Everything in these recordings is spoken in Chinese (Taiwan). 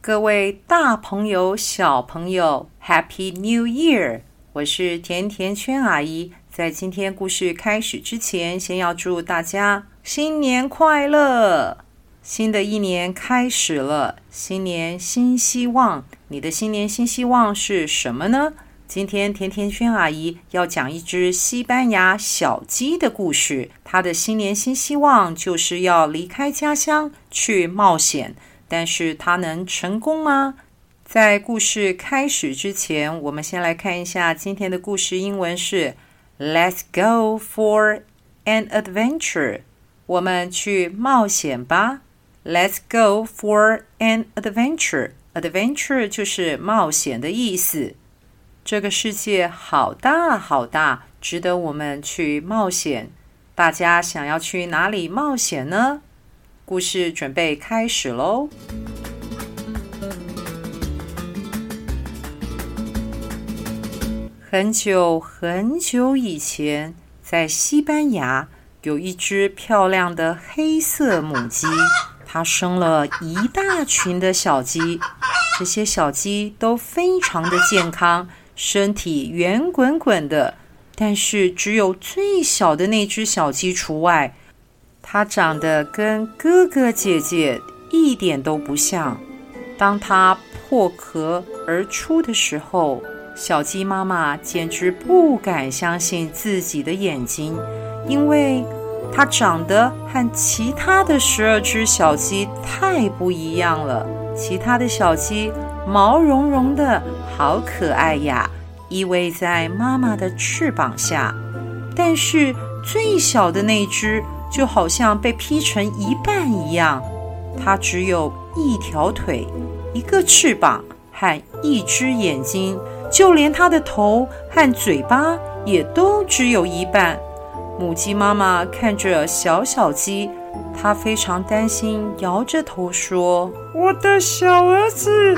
各位大朋友、小朋友，Happy New Year！我是甜甜圈阿姨。在今天故事開始之前，先要祝大家新年快樂！新的一年開始了，新年新希望。你的新年新希望是什麼呢？今天甜甜圈阿姨要講一隻西班牙小雞的故事。它的新年新希望就是要離開家鄉去冒險。但是他能成功嗎？在故事開始之前，我們先來看一下今天的故事英文是 “Let's go for an adventure”。我們去冒險吧！Let's go for an adventure。Adventure 就是冒險的意思。這個世界好大好大，值得我們去冒險。大家想要去哪裡冒險呢？故事準備開始嘍！很久很久以前，在西班牙有一隻漂亮的黑色母雞，它生了一大群的小雞。這些小雞都非常的健康，身體圓滾滾的，但是只有最小的那隻小雞除外。它長得跟哥哥姐姐一點都不像。當它破殼而出的時候，小雞媽媽簡直不敢相信自己的眼睛，因為它長得和其他的十二隻小雞太不一樣了。其他的小雞毛茸茸的，好可愛呀，依偎在媽媽的翅膀下。但是最小的那隻，就好像被劈成一半一樣，它只有一條腿、一個翅膀和一只眼睛，就連它的頭和嘴巴也都只有一半。母雞媽媽看着小小雞，它非常擔心，搖着頭說：“我的小兒子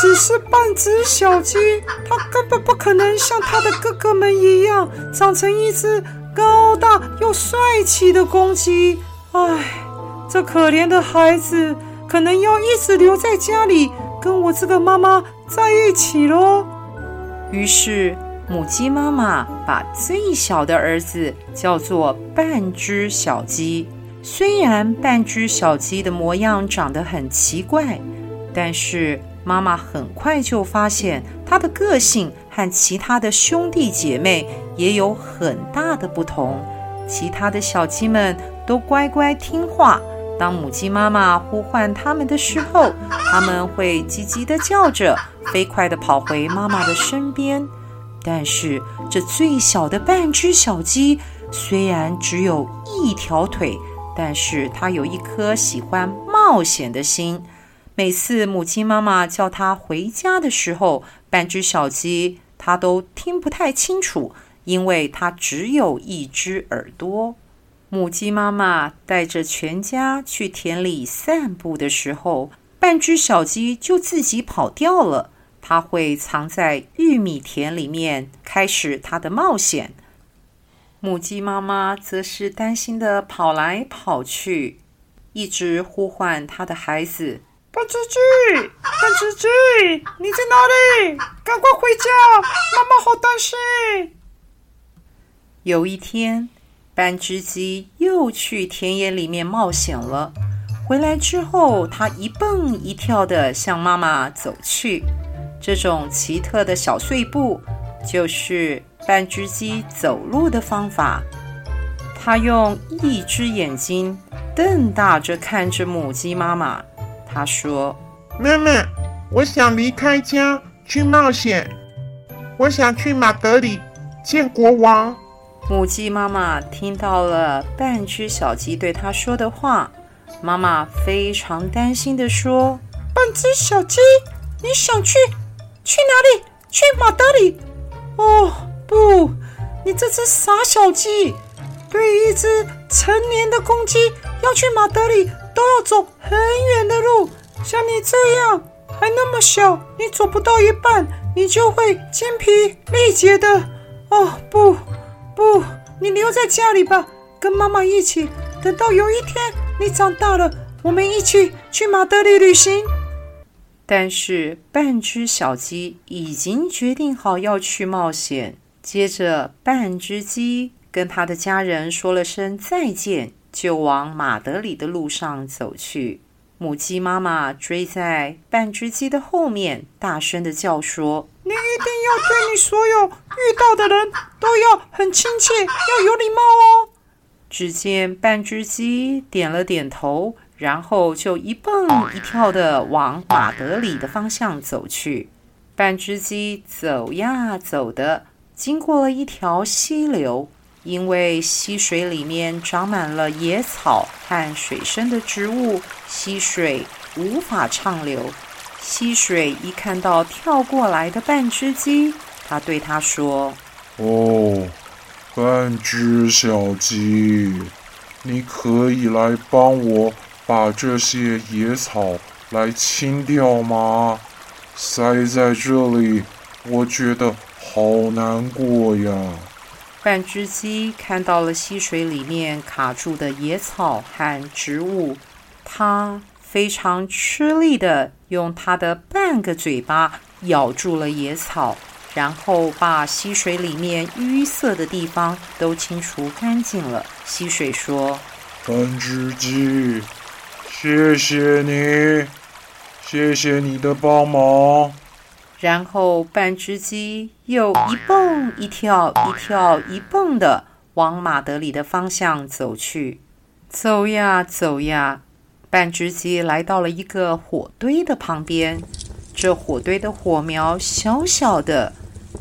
只是半只小雞，它根本不可能像它的哥哥們一樣長成一只。”高大又帥氣的公雞，唉，這可憐的孩子可能要一直留在家裡跟我這個媽媽在一起嘍。於是，母雞媽媽把最小的兒子叫做半隻小雞。雖然半隻小雞的模樣長得很奇怪，但是媽媽很快就發現。它的個性和其他的兄弟姐妹也有很大的不同。其他的小雞們都乖乖聽話，當母雞媽媽呼喚它們的時候，它們會嘰嘰地叫着，飛快地跑回媽媽的身邊。但是這最小的半隻小雞，雖然只有一條腿，但是它有一顆喜歡冒險的心。每次母雞媽媽叫它回家的時候，半隻小雞，它都聽不太清楚，因為它只有一隻耳朵。母雞媽媽帶着全家去田裡散步的時候，半隻小雞就自己跑掉了。它會藏在玉米田裡面，開始它的冒險。母雞媽媽則是擔心的跑來跑去，一直呼喚它的孩子。半隻雞，半隻雞，你在哪裡？趕快回家，媽媽好擔心。有一天，半隻雞又去田野裡面冒險了。回來之後，它一蹦一跳地向媽媽走去。這種奇特的小碎步，就是半隻雞走路的方法。它用一隻眼睛瞪大着看着母雞媽媽。他說：“媽媽，我想離開家去冒險。我想去馬德里見國王。”母雞媽媽聽到了半只小雞對他說的話，媽媽非常擔心地說：“半只小雞，你想去去哪裡？去馬德里？哦，不，你這只傻小雞，對一只成年的公雞要去馬德里。”都要走很遠的路，像你這樣還那麼小，你走不到一半，你就會精疲力竭的。哦，不，不，你留在家裡吧，跟媽媽一起。等到有一天你長大了，我們一起去馬德里旅行。但是半只小雞已經決定好要去冒險。接着，半只雞跟它的家人說了聲再見。就往馬德里的路上走去，母雞媽媽追在半只雞的後面，大聲的叫說：“你一定要對你所有遇到的人都要很親切，要有禮貌哦。”只見半只雞點了點頭，然後就一蹦一跳的往馬德里的方向走去。半只雞走呀走的，經過了一條溪流，因為溪水裡面長滿了野草和水生的植物，溪水無法暢流。溪水一看到跳過來的半隻雞，他對他說：“哦，半隻小雞，你可以來幫我把這些野草來清掉嗎？塞在這裡，我覺得好難過呀。”半隻雞看到了溪水裡面卡住的野草和植物，它非常吃力地用它的半個嘴巴咬住了野草，然後把溪水裡面淤塞的地方都清除乾淨了。溪水說：“半隻雞，謝謝你，謝謝你的幫忙。”然後，半隻雞又一蹦一跳，一跳一蹦地往馬德里的方向走去。走呀走呀，半隻雞來到了一個火堆的旁邊。這火堆的火苗小小的，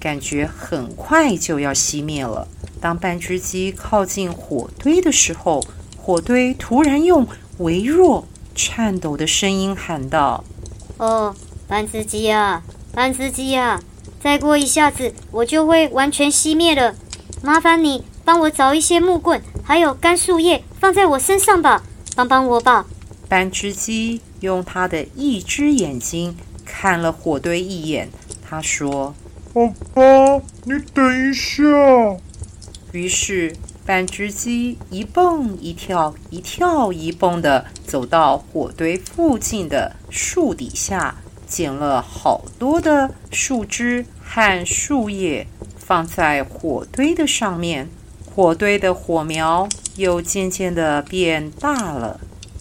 感覺很快就要熄滅了。當半隻雞靠近火堆的時候，火堆突然用微弱、顫抖的聲音喊道：“哦，半隻雞啊！”半隻雞啊，再過一下子我就會完全熄滅了，麻煩你幫我找一些木棍，還有乾樹葉，放在我身上吧，幫幫我吧。半隻雞用它的一隻眼睛看了火堆一眼，它說：“好吧，你等一下。”於是半隻雞一蹦一跳，一跳一蹦的走到火堆附近的樹底下。撿了好多的樹枝和樹葉，放在火堆的上面。火堆的火苗又漸漸地變大了。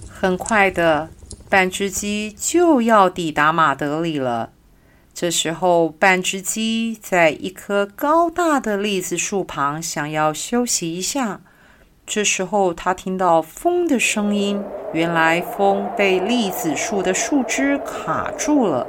很快的，半只雞就要抵達馬德里了。這時候，半只雞在一棵高大的栗子樹旁，想要休息一下。這時候，他聽到風的聲音。原來，風被栗子樹的樹枝卡住了。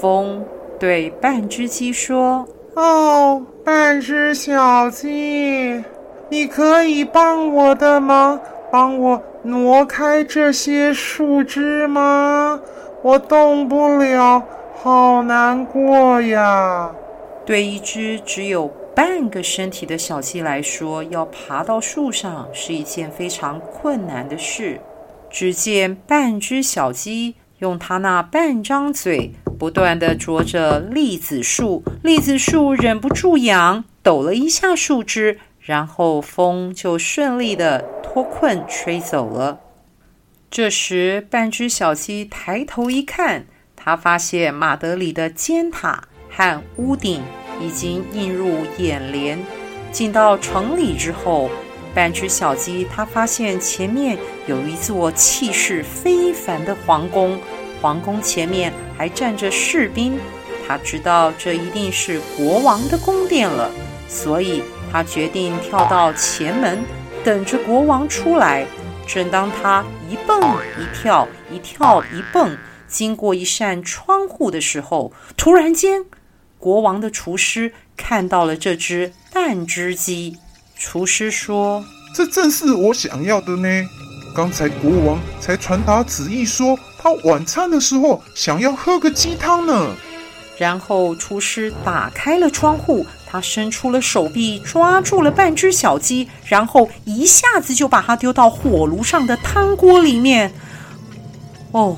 風對半隻雞說：“哦，半隻小雞，你可以幫我的忙，幫我挪開這些樹枝嗎？我動不了，好難過呀。”對一隻只有半個身體的小雞來說，要爬到樹上是一件非常困難的事。只見半只小雞用它那半張嘴不斷地啄着栗子樹，栗子樹忍不住癢，抖了一下樹枝，然後風就順利地脫困吹走了。這時，半隻小雞抬頭一看，它發現馬德里的尖塔和屋頂。已經映入眼簾。進到城裡之後，半隻小雞，他發現前面有一座氣勢非凡的皇宮，皇宮前面還站着士兵。他知道這一定是國王的宮殿了，所以他決定跳到前門，等着國王出來。正當他一蹦一跳，一跳一蹦，經過一扇窗戶的時候，突然間。國王的廚師看到了這隻半隻雞，廚師說：“這正是我想要的呢。剛才國王才傳達旨意說，他晚餐的時候想要喝個雞湯呢。”然後廚師打開了窗戶，他伸出了手臂，抓住了半隻小雞，然後一下子就把它丟到火爐上的湯鍋裡面。哦，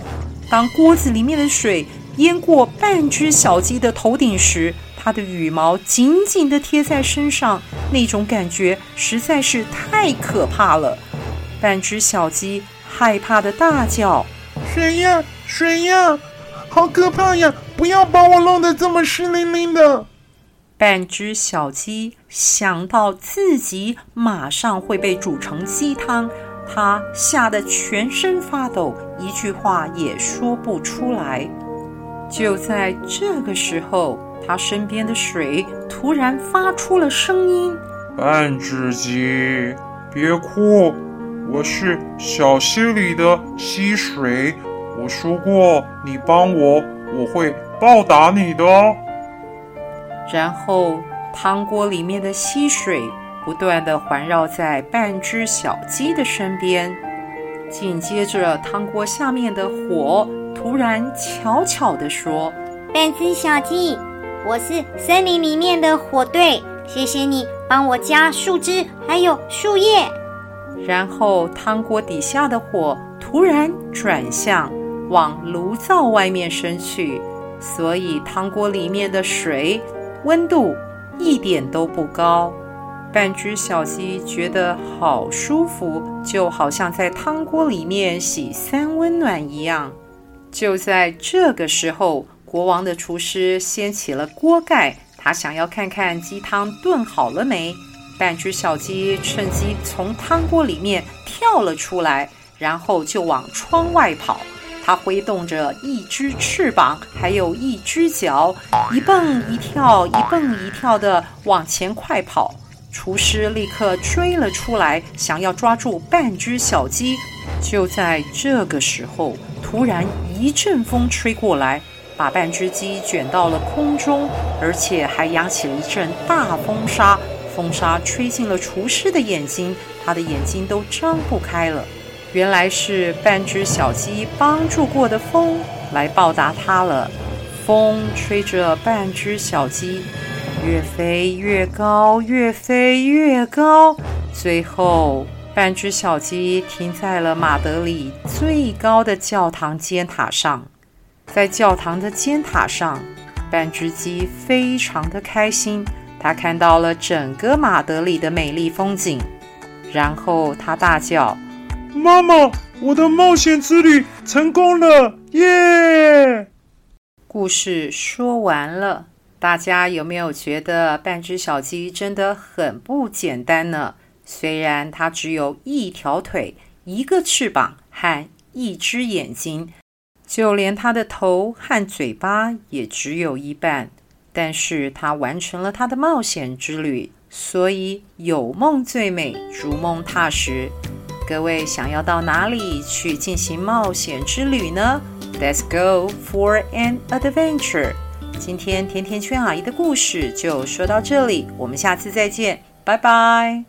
當鍋子裡面的水……淹過半隻小雞的頭頂時，它的羽毛緊緊地貼在身上，那種感覺實在是太可怕了。半隻小雞害怕地大叫：“誰呀？誰呀？好可怕呀！不要把我弄得這麼濕淋淋的！”半隻小雞想到自己馬上會被煮成雞湯，它嚇得全身發抖，一句話也說不出來。就在這個時候，他身邊的水突然發出了聲音：“半只雞，別哭，我是小溪裡的溪水。我說過，你幫我，我會報答你的。”然後，湯鍋裡面的溪水不斷地環繞在半只小雞的身邊，緊接着，湯鍋下面的火。突然，悄悄地說：“半隻小雞，我是森林裡面的火堆，謝謝你幫我加樹枝還有樹葉。”然後，湯鍋底下的火突然轉向，往爐灶外面伸去，所以湯鍋裡面的水溫度一點都不高。半隻小雞覺得好舒服，就好像在湯鍋裡面洗三溫暖一樣。就在這個時候，國王的廚師掀起了鍋蓋，他想要看看雞湯燉好了沒？半隻小雞趁機從湯鍋裡面跳了出來，然後就往窗外跑。他揮動着一隻翅膀，還有一隻腳，一蹦一跳，一蹦一跳地往前快跑。廚師立刻追了出來，想要抓住半隻小雞。就在這個時候，突然一陣風吹過來，把半隻雞捲到了空中，而且還揚起了一陣大風沙。風沙吹進了廚師的眼睛，他的眼睛都睜不開了。原來是半隻小雞幫助過的風來報答他了。風吹着半隻小雞，越飛越高，越飛越高，最後。半隻小雞停在了馬德里最高的教堂尖塔上，在教堂的尖塔上，半隻雞非常的開心，它看到了整個馬德里的美麗風景。然後它大叫：“媽媽，我的冒險之旅成功了！耶！”故事說完了，大家有沒有覺得半隻小雞真的很不簡單呢？雖然他只有一條腿、一個翅膀和一隻眼睛，就連他的頭和嘴巴也只有一半，但是他完成了他的冒險之旅。所以有夢最美，逐夢踏實。各位想要到哪裡去進行冒險之旅呢？Let's go for an adventure！今天甜甜圈阿姨的故事就說到這裡，我們下次再見，拜拜。